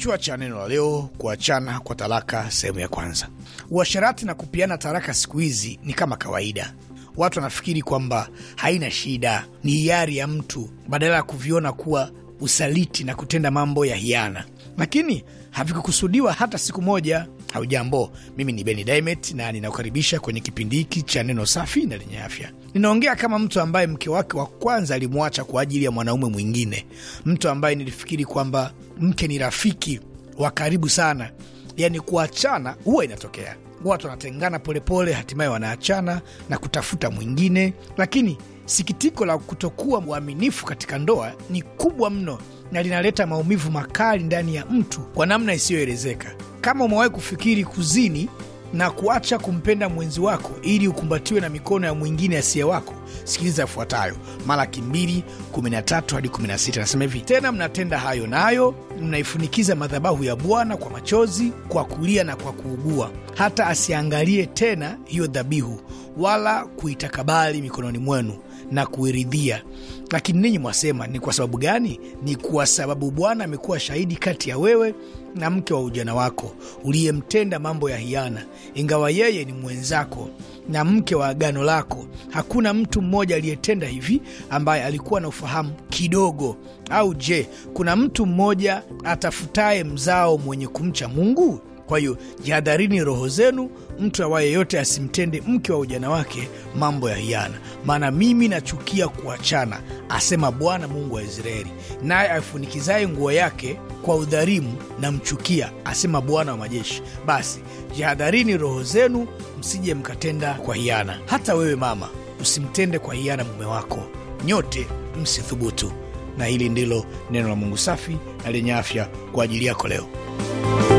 Kichwa cha neno la leo: kuachana kwa talaka, sehemu ya kwanza. Uasherati na kupiana talaka siku hizi ni kama kawaida. Watu wanafikiri kwamba haina shida, ni hiari ya mtu, badala ya kuviona kuwa usaliti na kutenda mambo ya hiana lakini havikukusudiwa hata siku moja. Haujambo, mimi ni Beni Dimet na ninakukaribisha kwenye kipindi hiki cha neno safi na lenye afya. Ninaongea kama mtu ambaye mke wake wa kwanza alimwacha kwa ajili ya mwanaume mwingine, mtu ambaye nilifikiri kwamba mke ni rafiki wa karibu sana. yani kuachana huwa inatokea, watu wanatengana polepole, hatimaye wanaachana na kutafuta mwingine, lakini sikitiko la kutokuwa mwaminifu katika ndoa ni kubwa mno na linaleta maumivu makali ndani ya mtu kwa namna isiyoelezeka. Kama umewahi kufikiri kuzini na kuacha kumpenda mwenzi wako ili ukumbatiwe na mikono ya mwingine asiye wako, sikiliza yafuatayo Malaki 2:13 hadi 16, nasema hivi: tena mnatenda hayo nayo, mnaifunikiza madhabahu ya Bwana kwa machozi, kwa kulia na kwa kuugua, hata asiangalie tena hiyo dhabihu, wala kuitakabali mikononi mwenu na kuiridhia. Lakini ninyi mwasema ni kwa sababu gani? Ni kwa sababu Bwana amekuwa shahidi kati ya wewe na mke wa ujana wako uliyemtenda mambo ya hiana, ingawa yeye ni mwenzako na mke wa agano lako. Hakuna mtu mmoja aliyetenda hivi ambaye alikuwa na ufahamu kidogo. Au je, kuna mtu mmoja atafutaye mzao mwenye kumcha Mungu? Kwa hiyo jihadharini roho zenu, mtu awaye yote asimtende mke wa ujana wake mambo ya hiana, maana mimi nachukia kuachana, asema Bwana Mungu wa Israeli. Naye aifunikizaye nguo yake kwa udhalimu namchukia, asema Bwana wa majeshi. Basi jihadharini roho zenu, msije mkatenda kwa hiana. Hata wewe mama, usimtende kwa hiana mume wako. Nyote msithubutu. Na hili ndilo neno la Mungu safi na lenye afya kwa ajili yako leo.